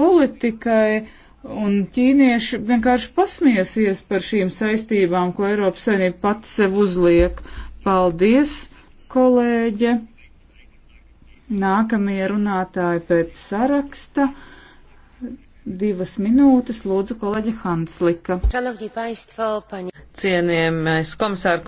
politikai, un ķīnieši vienkārši pasmiesies par šīm saistībām, ko Eiropas Savienība pats sev uzliek. Paldies, kolēģe! Nākamie runātāji pēc saraksta. Divas minūtes, lūdzu, kolēģi Hanslika. Cienījamais komisārs.